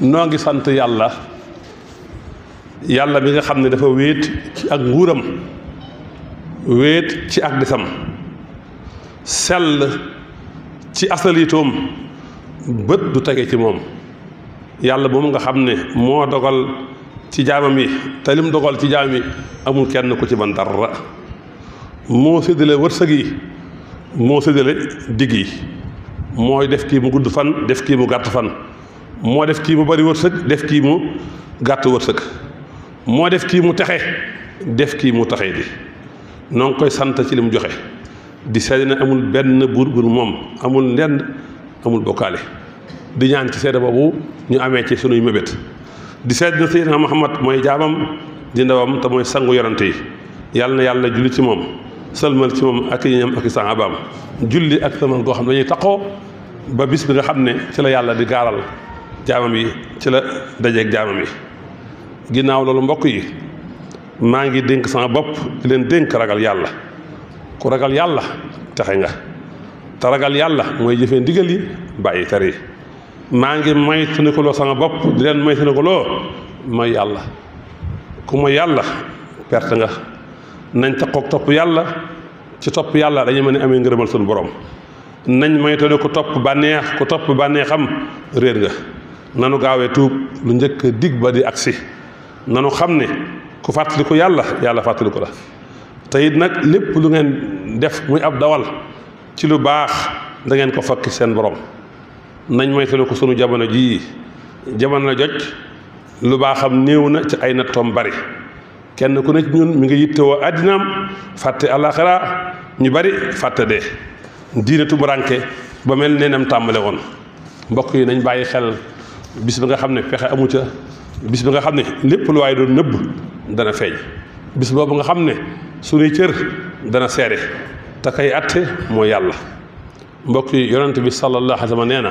noo ngi sant yàlla yàlla bi nga xam ne dafa wéet ci ak nguuram wéet ci ak desam sell ci asaliitoom bët du tege ci moom yàlla moom nga xam ne moo dogal ci jaamam yi te lim dogal ci jaam yi amul kenn ku ci ban dara moo séddale wërsëg yi moo séddale digg yi mooy def kii mu gudd fan def kii mu gàtt fan moo def kii mu bari wërsëg def kii mu gàtt wërsëg moo def kii mu taxe def kii mu taxe bi noo koy sant ci li mu joxe di seede na amul benn buur buur moom amul ndend amul bokkaale di ñaan ci seede boobu ñu amee ci sunuy mébét di seede ne Seydina Muhammad mooy jaamam di ndawam te mooy sangu yorante yi yàlla na yàlla julli ci moom sëlmal ci moom ak ñam ak sahabaam julli ak sëlmal goo xam ne dañuy taqoo ba bis bi nga xam ne ci la yàlla di gaalal jaamam yi ci la ak jaamam yi ginnaaw lolu mbokk yi maa ngi dénk sama bopp di leen dénk ragal yàlla ku ragal yàlla tari. nga te ragal yàlla mooy jëfee ndigal yi bàyyi tere yi maa ngi moytandikuloo sama bopp di leen moytandikuloo ma yàlla ku ma yàlla perte nga nañ taqoog topp yàlla ci topp yàlla dañu mën a amee suñu borom nañ moytandiku topp bànneex ku topp bànneexam réer nga nanu gaawee tuub lu njëkk dig ba di agsi nanu xam ne ku fàttaliku yàlla yàlla fàttaliku la te it nag lépp lu ngeen def muy ab dawal ci lu baax dangeen ko fakki seen borom nañ mooy ko sunu jamono jii jamono joj lu baaxam néew na ci ay nattoom bari kenn ku ne ci ñun mu ngi yittewoo àddinaam fàtte àllaaxira ñu bari fàtte dee diine tumuraanke ba mel neenam tàmbale woon mbokk yi nañ bàyyi xel bis bi nga xam ne pexe amu ca bis bi nga xam lépp lu waaye doon nëbb dana feeñ bis boobu nga xam ne suñuy cër dana seere te kay atte mooy yàlla mbokk yi yonent bi sallallahu alayhi wa sallam nee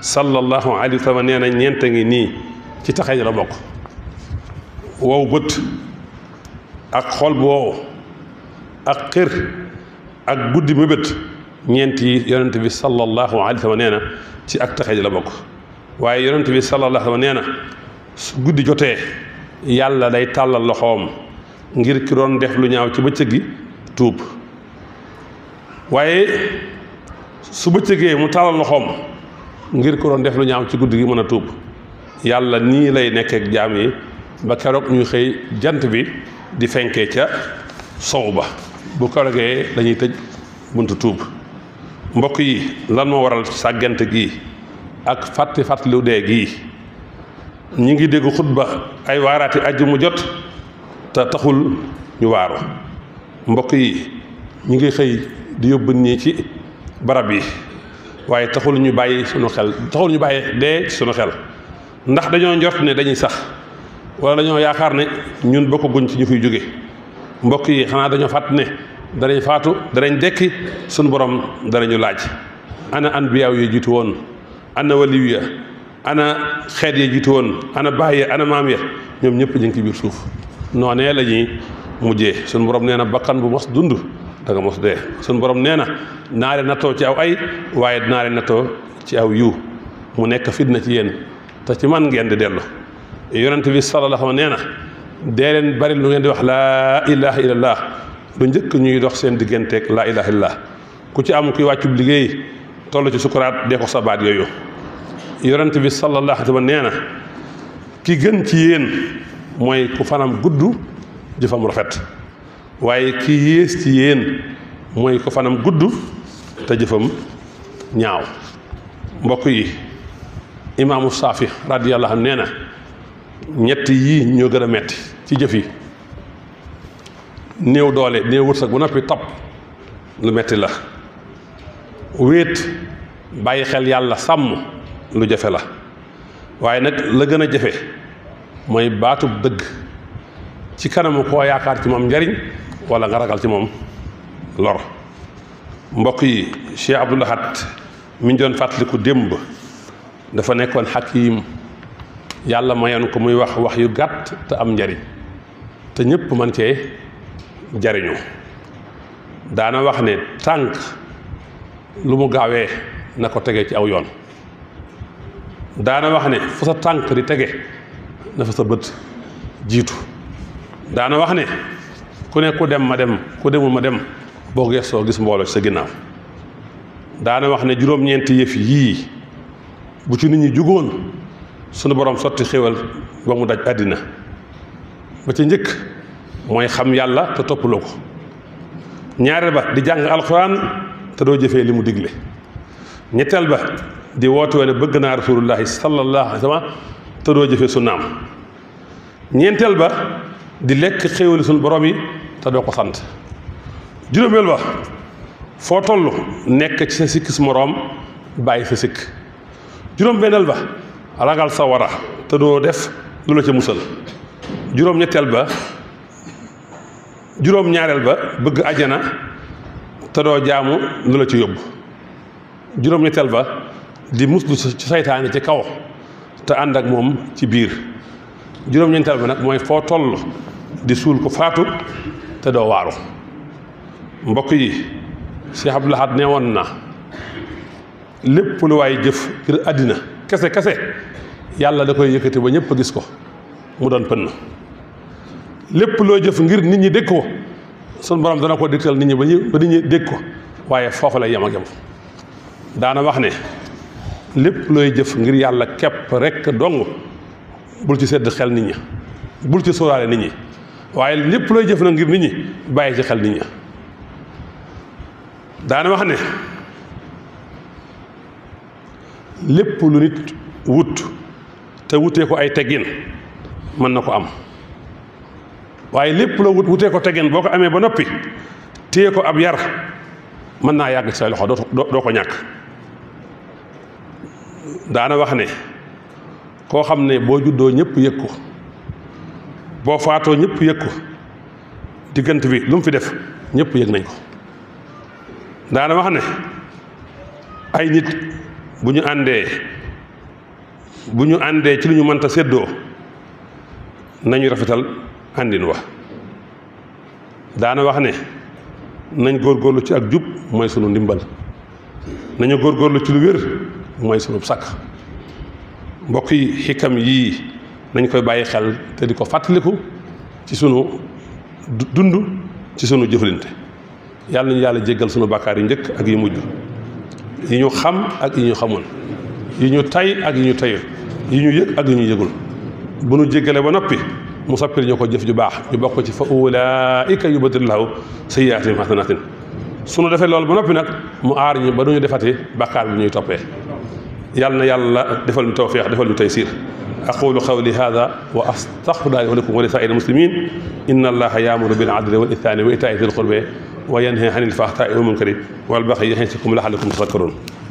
sallallahu alayhi wa sallam nee ngi nii ci taxeñ la bokk wow bët ak xol bu ak xër ak guddi mébét ñeent yi yonent bi sallallahu alayhi wa sallam ci ak taxeñ la bokk waaye yonent bi sallallahu alayhi wa nee na su guddi jotee yàlla day tàllal loxoom ngir ki doon def lu ñaaw ci bëccëg gi tuub waaye su bëccëgee mu tàllal loxoom ngir ko doon def lu ñaaw ci guddi gi mën a tuub yàlla nii lay nekkeek jaam yi ba keroog ñu xëy jant bi di fenkee ca sow ba bu kerogee lañuy tëj buntu tuub mbokk yi lan moo waral sàggante gi ak fàtti fàttaliwu dee gi ñu ngi dégg xutba ay waaraati aju mu jot te taxul ñu waaro mbokk yi ñu ngi xëy di yóbbu nii ci barab yi waaye taxul ñu bàyyi sunu xel taxul ñu bàyyi dee sunu xel ndax dañoo njort ne dañuy sax wala dañoo yaakaar ne ñun bokk guñ ci ñu fiy jóge mbokk yi xanaa dañoo fàtt ne danañ faatu danañ dekki sunu borom danañu laaj ana anbiyaaw yi jiitu woon ana waliw ya ana xeet ya jiitu woon ana baay ya ana maam ya ñoom ñëpp ñu ngi ci biir suuf noonee la ñuy mujjee suñu borom nee na bakkan bu mos dund da mos dee suñu borom nee na naa leen nattoo ci aw ay waaye naa leen nattoo ci aw yiw mu nekk fitna ci yéen te ci man ngeen di dellu yonent bi sallallahu alayhi nee na dee leen bari lu ngeen di wax laa ilaha illallah lu njëkk ñuy dox seen digganteeg laa ilaha illallah ku ci am kuy wàccub liggéey toll ci sukuraat dee ko sabaat yooyu yonent bi sallallahu alayhi nee na ki gën ci yéen mooy ku fanam gudd jëfam rafet waaye ki yées ci yéen mooy ku fanam gudd te jëfam ñaaw mbokk yi imaamu saafi radiyallahu anhu nee na ñett yii ñoo gën a metti ci jëf yi néew doole néew wërsëg bu noppi topp lu metti la wéet bàyyi xel yàlla sàmm lu jafe la waaye nag la gën a jafe mooy baatub dëgg ci kanamu koo yaakaar ci moom njariñ wala nga ragal ci moom lor mbokk yi Cheikh Abdou mu mi doon fàttaliku démb dafa nekkoon xakiim yàlla mayoon ko muy wax wax yu gàtt te am njariñ te ñépp mën cee jariñu daana wax ne tànk lu mu gaawee na ko tege ci aw yoon daana wax ne fu sa tànk di tege na fa sa bët jiitu daana wax ne ku ne ku dem ma dem ku demul ma dem boo gëstoo gis mbooloo ci sa ginnaaw daana wax ne juróom-ñeenti yëf yii bu ci nit ñi jugoon sunu borom sotti xéwal ba mu daj àddina ba ci njëkk mooy xam yàlla te toppaloo ko ñaareel ba di jàng alxuraan te doo jëfee li mu digle ñetteel ba di woote woon bëgg naa rasulullahi sallallahu alayhi wa sallam te doo jëfee sunnaam ñeenteel ba di lekk xéewali suñu borom yi te doo ko sant juróomeel ba foo toll nekk ci sa sikk moroom bàyyi sa sikk juróom benneel ba ragal sa wara te doo def lu la ca musal juróom ñetteel ba juróom ñaareel ba bëgg ajana te doo jaamu lu la ci yóbbu juróom-ñetteel ba di muslu ci saytaane ci kaw te ànd ak moom ci biir juróom-ñeenteel ba nag mooy foo toll di suul ko faatu te doo waaru mbokk yi Cheikh Abdoul Ahad nee woon na lépp lu waay jëf ngir àddina kese kese yàlla da koy yëkkati ba ñëpp gis ko mu doon pënn lépp loo jëf ngir nit ñi dégg ko suñ borom dana ko dégtal nit ñi ba ñu ba nit ñi dégg ko waaye foofu lay yem ak yow daana wax ne lépp looy jëf ngir yàlla kepp rekk dong bul ci sedd xel nit ñi bul ci sóoraale nit ñi waaye lépp looy jëf ngir nit ñi bàyyi ci xel nit ñi wax ne lépp lu nit wut te wutee ko ay teggin mën na ko am waaye lépp la wut wutee ko tegeen boo ko amee ba noppi téye ko ab yar mën naa yàgg ci say loxo doo ko ñàkk daana wax ne koo xam ne boo juddoo ñëpp yëg ko boo faatoo ñëpp yëg ko diggante bi lum fi def ñëpp yëg nañ ko daana wax ne ay nit bu ñu àndee bu ñu àndee ci lu ñu mënta séddoo nañu rafetal àndin wa daana wax ne nañ góorgóorlu ci ak jub mooy sunu ndimbal nañu góorgóorlu ci lu wér mooy sunu sàkk mbokk yi xikam yii dañ koy bàyyi xel te di ko fàttaliku ci sunu dund ci sunu jëflante yàlla nañu yàlla jéggal sunu bàkkaar yi njëkk ak yi mujj yi ñu xam ak yi ñu xamoon yi ñu tay ak yi ñu tayul yi ñu yëg ak yi ñu yëgul bu nu jéggale ba noppi مصبر نيوكو جيف جو باخ ني بوكو سي فاولائك يبدل له سيئات حسنات سونو دافي لول بو نوبي نك مو ار ني بقال ني توبي يالنا يالا ديفال ني توفيق ديفال اقول قولي هذا واستغفر الله لكم ولسائر المسلمين ان الله يامر بالعدل والاحسان وايتاء ذي القربى وينهى عن الفحشاء والمنكر والبغي يحيثكم لعلكم تذكرون